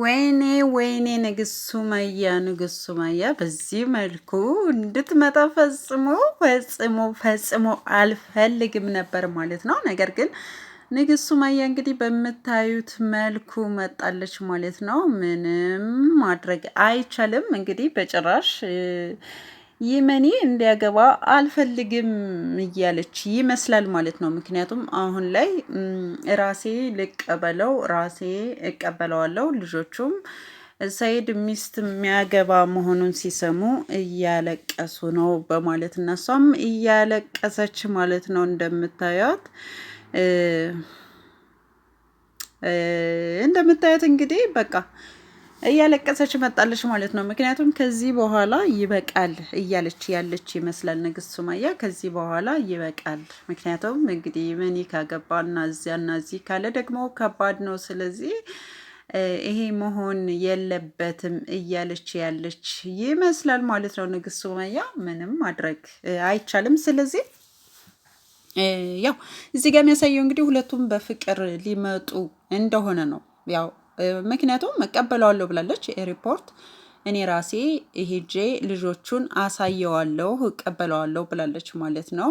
ወይኔ ወይኔ ንግስት ሱመያ ንግስት ሱመያ በዚህ መልኩ እንድትመጣ ፈጽሞ ፈጽሞ ፈጽሞ አልፈልግም ነበር ማለት ነው። ነገር ግን ንግስት ሱመያ እንግዲህ በምታዩት መልኩ መጣለች ማለት ነው። ምንም ማድረግ አይቻልም እንግዲህ በጭራሽ ይመኒ እንዲያገባ አልፈልግም እያለች ይመስላል ማለት ነው። ምክንያቱም አሁን ላይ ራሴ ልቀበለው ራሴ እቀበለዋለው ልጆቹም ሰይድ ሚስት የሚያገባ መሆኑን ሲሰሙ እያለቀሱ ነው በማለት እናሷም እያለቀሰች ማለት ነው። እንደምታዩት እንደምታዩት እንግዲህ በቃ እያለቀሰች መጣለች ማለት ነው። ምክንያቱም ከዚህ በኋላ ይበቃል እያለች ያለች ይመስላል ንግስት ሱማያ ከዚህ በኋላ ይበቃል። ምክንያቱም እንግዲህ ምን ካገባ እና እዚያ እዚህ ካለ ደግሞ ከባድ ነው። ስለዚህ ይሄ መሆን የለበትም እያለች ያለች ይመስላል ማለት ነው ንግስት ሱማያ ምንም ማድረግ አይቻልም። ስለዚህ ያው እዚህ ጋር የሚያሳየው እንግዲህ ሁለቱም በፍቅር ሊመጡ እንደሆነ ነው ያው ምክንያቱም መቀበለዋለሁ ብላለች ሪፖርት እኔ ራሴ ሄጄ ልጆቹን አሳየዋለሁ እቀበለዋለሁ ብላለች ማለት ነው።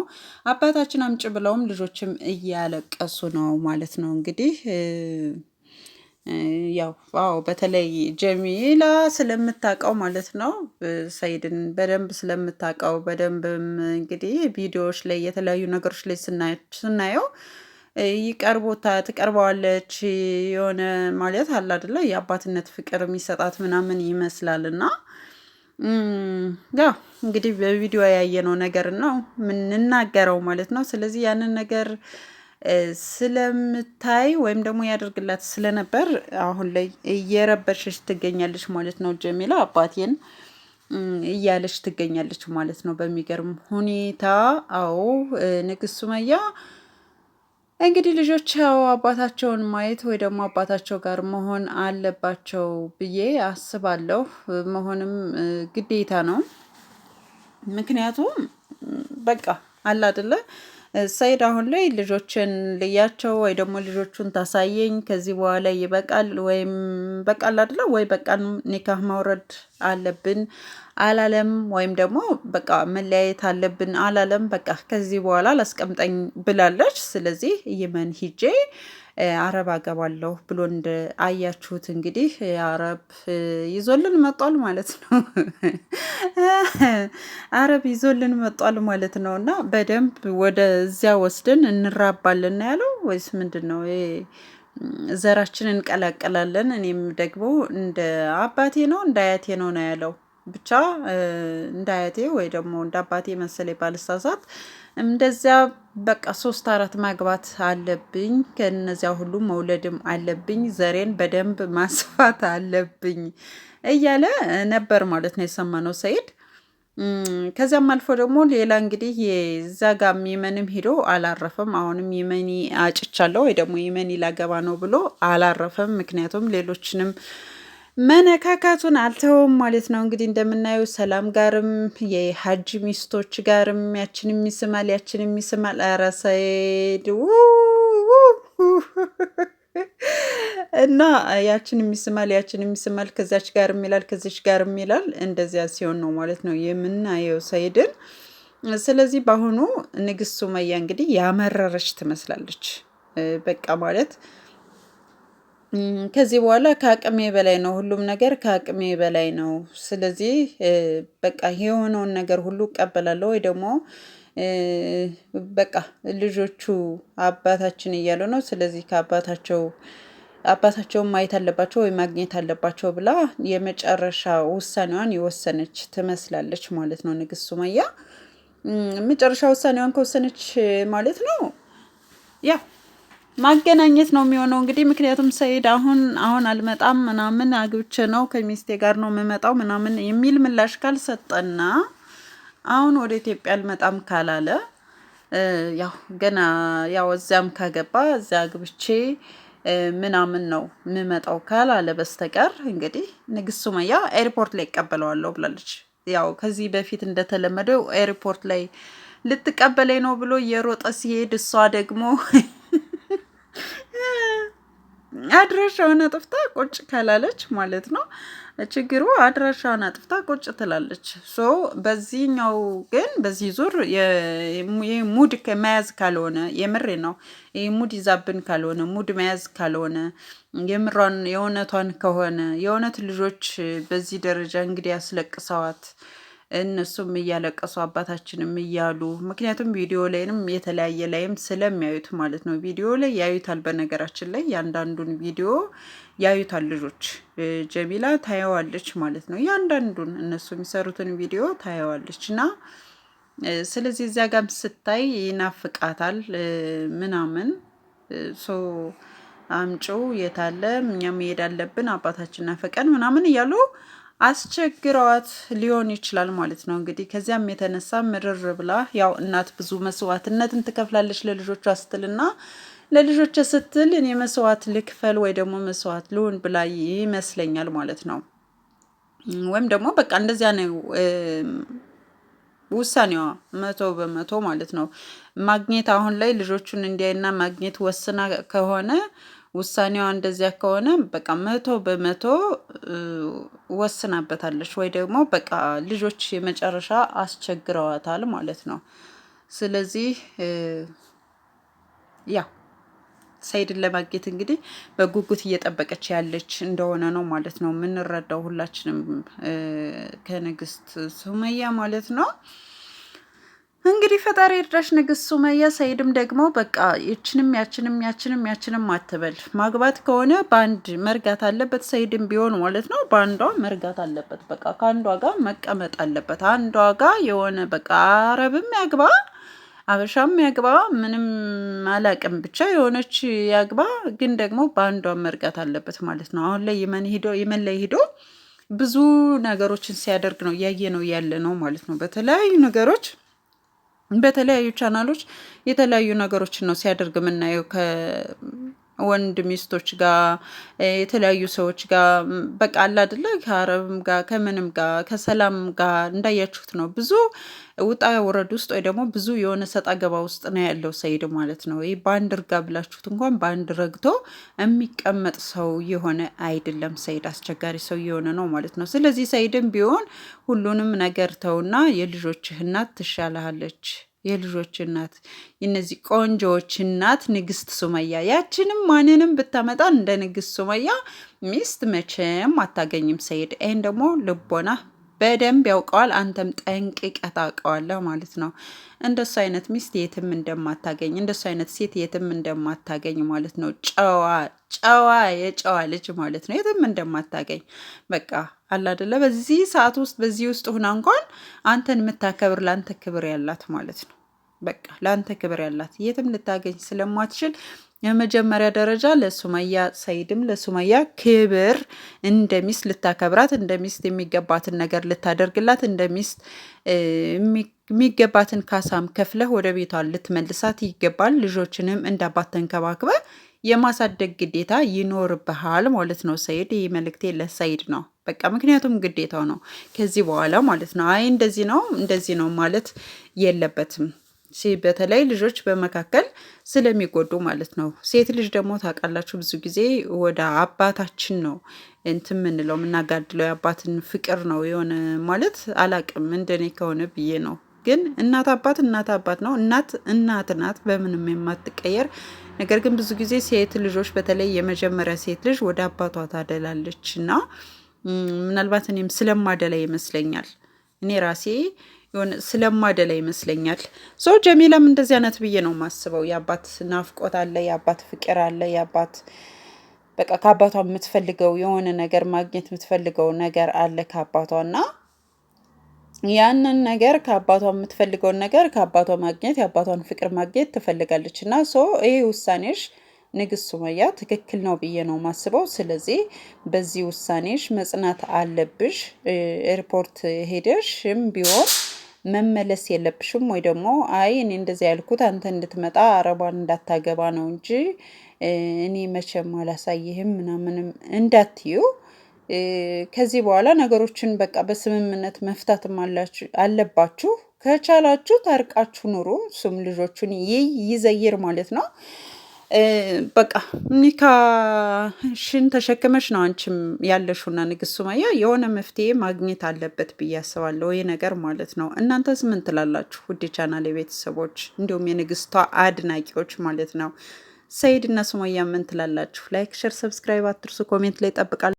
አባታችን አምጭ ብለውም ልጆችም እያለቀሱ ነው ማለት ነው። እንግዲህ ያው አዎ፣ በተለይ ጀሚላ ስለምታውቀው ማለት ነው ሰይድን በደንብ ስለምታውቀው በደንብም እንግዲህ ቪዲዮዎች ላይ የተለያዩ ነገሮች ላይ ስናየው ይቀርቦታ ትቀርበዋለች የሆነ ማለት አለ አይደለ የአባትነት ፍቅር የሚሰጣት ምናምን ይመስላል እና ያው እንግዲህ በቪዲዮ ያየነው ነገር ነው የምንናገረው ማለት ነው። ስለዚህ ያንን ነገር ስለምታይ ወይም ደግሞ ያደርግላት ስለነበር አሁን ላይ እየረበሸች ትገኛለች ማለት ነው። ጀሚላ አባቴን እያለች ትገኛለች ማለት ነው። በሚገርም ሁኔታ አዎ ንግስት ሱመያ እንግዲህ ልጆች አባታቸውን ማየት ወይ ደግሞ አባታቸው ጋር መሆን አለባቸው ብዬ አስባለሁ። መሆንም ግዴታ ነው። ምክንያቱም በቃ አለ አይደለ ሰይድ አሁን ላይ ልጆችን ልያቸው ወይ ደግሞ ልጆቹን ታሳየኝ ከዚህ በኋላ ይበቃል፣ ወይም በቃል አደለ ወይ በቃ ኒካህ ማውረድ አለብን አላለም፣ ወይም ደግሞ በቃ መለያየት አለብን አላለም። በቃ ከዚህ በኋላ ላስቀምጠኝ ብላለች። ስለዚህ የመን ሂጄ አረብ አገባለሁ ብሎ እንደ አያችሁት እንግዲህ አረብ ይዞልን መጧል ማለት ነው። አረብ ይዞልን መጧል ማለት ነው። እና በደንብ ወደዚያ ወስደን እንራባለን ያለው ወይስ ምንድን ነው? ዘራችን እንቀላቀላለን። እኔም ደግሞ እንደ አባቴ ነው እንደ አያቴ ነው ነው ያለው ብቻ እንደ አያቴ ወይ ደግሞ እንደ አባቴ መሰለኝ ባልሳሳት እንደዚያ በቃ ሶስት አራት ማግባት አለብኝ። ከነዚያ ሁሉ መውለድም አለብኝ። ዘሬን በደንብ ማስፋት አለብኝ እያለ ነበር ማለት ነው የሰማነው ሰይድ። ከዚያም አልፎ ደግሞ ሌላ እንግዲህ የዛ ጋም የመንም ሄዶ አላረፈም። አሁንም የመኒ አጭቻለሁ ወይ ደግሞ የመኒ ላገባ ነው ብሎ አላረፈም። ምክንያቱም ሌሎችንም መነካካቱን አልተውም ማለት ነው። እንግዲህ እንደምናየው ሰላም ጋርም የሀጅ ሚስቶች ጋርም ያችን የሚስማል ያችን የሚስማል ኧረ እና ያችን የሚስማል ያችን የሚስማል ከዚያች ጋር ይላል ከዚች ጋር ይላል። እንደዚያ ሲሆን ነው ማለት ነው የምናየው ሰይድን። ስለዚህ በአሁኑ ንግስት ሱመያ እንግዲህ ያመረረች ትመስላለች በቃ ማለት ከዚህ በኋላ ከአቅሜ በላይ ነው፣ ሁሉም ነገር ከአቅሜ በላይ ነው። ስለዚህ በቃ የሆነውን ነገር ሁሉ እቀበላለሁ ወይ ደግሞ በቃ ልጆቹ አባታችን እያሉ ነው። ስለዚህ ከአባታቸው አባታቸውን ማየት አለባቸው ወይ ማግኘት አለባቸው ብላ የመጨረሻ ውሳኔዋን የወሰነች ትመስላለች ማለት ነው። ንግስት ሱመያ መጨረሻ ውሳኔዋን ከወሰነች ማለት ነው ያው ማገናኘት ነው የሚሆነው እንግዲህ ምክንያቱም ሰይድ አሁን አሁን አልመጣም ምናምን አግብቼ ነው ከሚስቴ ጋር ነው የምመጣው ምናምን የሚል ምላሽ ካልሰጠና አሁን ወደ ኢትዮጵያ አልመጣም ካላለ ያው ገና ያው እዚያም ካገባ እዚያ አግብቼ ምናምን ነው የምመጣው ካላለ በስተቀር እንግዲህ ንግስት ሱመያ ኤርፖርት ላይ ይቀበለዋለሁ ብላለች። ያው ከዚህ በፊት እንደተለመደው ኤርፖርት ላይ ልትቀበለኝ ነው ብሎ የሮጠ ሲሄድ እሷ ደግሞ አድራሻውን አጥፍታ ቁጭ ካላለች ማለት ነው ችግሩ። አድራሻውን አጥፍታ ቁጭ ትላለች። ሶ በዚህኛው ግን በዚህ ዙር ሙድ መያዝ ካልሆነ የምሬ ነው ሙድ ይዛብን ካልሆነ ሙድ መያዝ ካልሆነ የምሯን የእውነቷን ከሆነ የእውነት ልጆች በዚህ ደረጃ እንግዲህ ያስለቅሰዋት እነሱም እያለቀሱ አባታችንም እያሉ ምክንያቱም ቪዲዮ ላይንም የተለያየ ላይም ስለሚያዩት ማለት ነው። ቪዲዮ ላይ ያዩታል። በነገራችን ላይ ያንዳንዱን ቪዲዮ ያዩታል ልጆች። ጀሚላ ታየዋለች ማለት ነው። ያንዳንዱን እነሱ የሚሰሩትን ቪዲዮ ታየዋለች እና ስለዚህ እዚያ ጋም ስታይ ይናፍቃታል ምናምን ሶ አምጪው የታለ እኛ መሄድ አለብን አባታችን ናፈቀን ምናምን እያሉ አስቸግረዋት ሊሆን ይችላል ማለት ነው። እንግዲህ ከዚያም የተነሳ ምርር ብላ ያው እናት ብዙ መስዋዕትነትን ትከፍላለች ለልጆቿ ስትልና ለልጆች ስትል እኔ መስዋዕት ልክፈል ወይ ደግሞ መስዋዕት ልሆን ብላ ይመስለኛል ማለት ነው። ወይም ደግሞ በቃ እንደዚያ ነው ውሳኔዋ መቶ በመቶ ማለት ነው። ማግኘት አሁን ላይ ልጆቹን እንዲያይና ማግኘት ወስና ከሆነ ውሳኔዋ እንደዚያ ከሆነ በቃ መቶ በመቶ ወስናበታለች ወይ ደግሞ በቃ ልጆች የመጨረሻ አስቸግረዋታል ማለት ነው። ስለዚህ ያ ሰይድን ለማግኘት እንግዲህ በጉጉት እየጠበቀች ያለች እንደሆነ ነው ማለት ነው የምንረዳው ሁላችንም ከንግስት ሱመያ ማለት ነው። እንግዲህ ፈጣሪ እርዳሽ ንግስት ሱመያ። ሰይድም ደግሞ በቃ ይችንም ያችንም ያችንም ያችንም አትበል። ማግባት ከሆነ በአንድ መርጋት አለበት። ሰይድም ቢሆን ማለት ነው በአንዷ መርጋት አለበት። በቃ ከአንዷ ጋር መቀመጥ አለበት። አንዷ ጋር የሆነ በቃ አረብም ያግባ አበሻም ያግባ ምንም አላቅም፣ ብቻ የሆነች ያግባ። ግን ደግሞ በአንዷ መርጋት አለበት ማለት ነው። አሁን ላይ የመን ሂዶ የመን ላይ ብዙ ነገሮችን ሲያደርግ ነው እያየ ነው ያለ ነው ማለት ነው በተለያዩ ነገሮች በተለያዩ ቻናሎች የተለያዩ ነገሮችን ነው ሲያደርግ የምናየው። ወንድ ሚስቶች ጋር የተለያዩ ሰዎች ጋር በቃ አለ አይደለ ከአረብም ጋር ከምንም ጋር ከሰላም ጋር እንዳያችሁት ነው። ብዙ ውጣ ውረድ ውስጥ ወይ ደግሞ ብዙ የሆነ ሰጣ ገባ ውስጥ ነው ያለው ሰይድ ማለት ነው። ይህ በአንድ እርጋ ብላችሁት እንኳን በአንድ ረግቶ የሚቀመጥ ሰው የሆነ አይደለም ሰይድ አስቸጋሪ ሰው የሆነ ነው ማለት ነው። ስለዚህ ሰኢድም ቢሆን ሁሉንም ነገር ተውና የልጆችህ እናት ትሻልሃለች የልጆች እናት የነዚህ ቆንጆዎች እናት ንግስት ሱመያ። ያችንም ማንንም ብታመጣ እንደ ንግስት ሱመያ ሚስት መቼም አታገኝም ሰይድ ይህን ደግሞ ልቦና በደንብ ያውቀዋል። አንተም ጠንቅቀ ታውቀዋለህ ማለት ነው። እንደሱ አይነት ሚስት የትም እንደማታገኝ፣ እንደሱ አይነት ሴት የትም እንደማታገኝ ማለት ነው። ጨዋ ጨዋ የጨዋ ልጅ ማለት ነው። የትም እንደማታገኝ በቃ አላደለ። በዚህ ሰዓት ውስጥ በዚህ ውስጥ ሁና እንኳን አንተን የምታከብር ለአንተ ክብር ያላት ማለት ነው። በቃ ለአንተ ክብር ያላት የትም ልታገኝ ስለማትችል የመጀመሪያ ደረጃ ለሱመያ ሰይድም ለሱመያ ክብር እንደ ሚስት ልታከብራት እንደ ሚስት የሚገባትን ነገር ልታደርግላት እንደ ሚስት የሚገባትን ካሳም ከፍለህ ወደ ቤቷን ልትመልሳት ይገባል። ልጆችንም እንዳባት ተንከባክበ የማሳደግ ግዴታ ይኖርብሃል ማለት ነው። ሰይድ፣ ይህ መልእክቴ ለሰይድ ነው። በቃ ምክንያቱም ግዴታው ነው ከዚህ በኋላ ማለት ነው። አይ እንደዚህ ነው እንደዚህ ነው ማለት የለበትም። በተለይ ልጆች በመካከል ስለሚጎዱ ማለት ነው። ሴት ልጅ ደግሞ ታውቃላችሁ ብዙ ጊዜ ወደ አባታችን ነው እንትን ምንለው የምናጋድለው፣ የአባትን ፍቅር ነው የሆነ ማለት አላቅም፣ እንደኔ ከሆነ ብዬ ነው ግን እናት አባት እናት አባት ነው። እናት እናት ናት በምንም የማትቀየር ነገር ግን ብዙ ጊዜ ሴት ልጆች በተለይ የመጀመሪያ ሴት ልጅ ወደ አባቷ ታደላለች እና ምናልባት እኔም ስለማደላ ይመስለኛል እኔ ራሴ የሆነ ስለማደላ ይመስለኛል። ሶ ጀሚላም እንደዚህ አይነት ብዬ ነው የማስበው። የአባት ናፍቆት አለ፣ የአባት ፍቅር አለ፣ የአባት በቃ ከአባቷ የምትፈልገው የሆነ ነገር ማግኘት የምትፈልገው ነገር አለ ከአባቷ እና ያንን ነገር ከአባቷ የምትፈልገውን ነገር ከአባቷ ማግኘት የአባቷን ፍቅር ማግኘት ትፈልጋለች እና ሶ ይሄ ውሳኔሽ ንግስት ሱመያ ትክክል ነው ብዬ ነው ማስበው። ስለዚህ በዚህ ውሳኔሽ መጽናት አለብሽ። ኤርፖርት ሄደሽም ቢሆን መመለስ የለብሽም ወይ ደግሞ አይ እኔ እንደዚህ ያልኩት አንተ እንድትመጣ አረቧን እንዳታገባ ነው እንጂ እኔ መቼም አላሳይህም ምናምንም እንዳትዩ ከዚህ በኋላ ነገሮችን በቃ በስምምነት መፍታትም አለባችሁ። ከቻላችሁ ታርቃችሁ ኑሩ። እሱም ልጆቹን ይይዘይር ማለት ነው። በቃ ኒካሽን ተሸክመሽ ነው አንቺም ያለሽውና ንግስት ሱመያ የሆነ መፍትሄ ማግኘት አለበት ብዬ አስባለሁ። ይህ ነገር ማለት ነው። እናንተስ ምን ትላላችሁ? ውድ ቻናል የቤተሰቦች እንዲሁም የንግስቷ አድናቂዎች ማለት ነው ሰይድ እና ሱመያ ምን ትላላችሁ? ላይክ፣ ሸር፣ ሰብስክራይብ አትርሱ። ኮሜንት ላይ ጠብቃለሁ።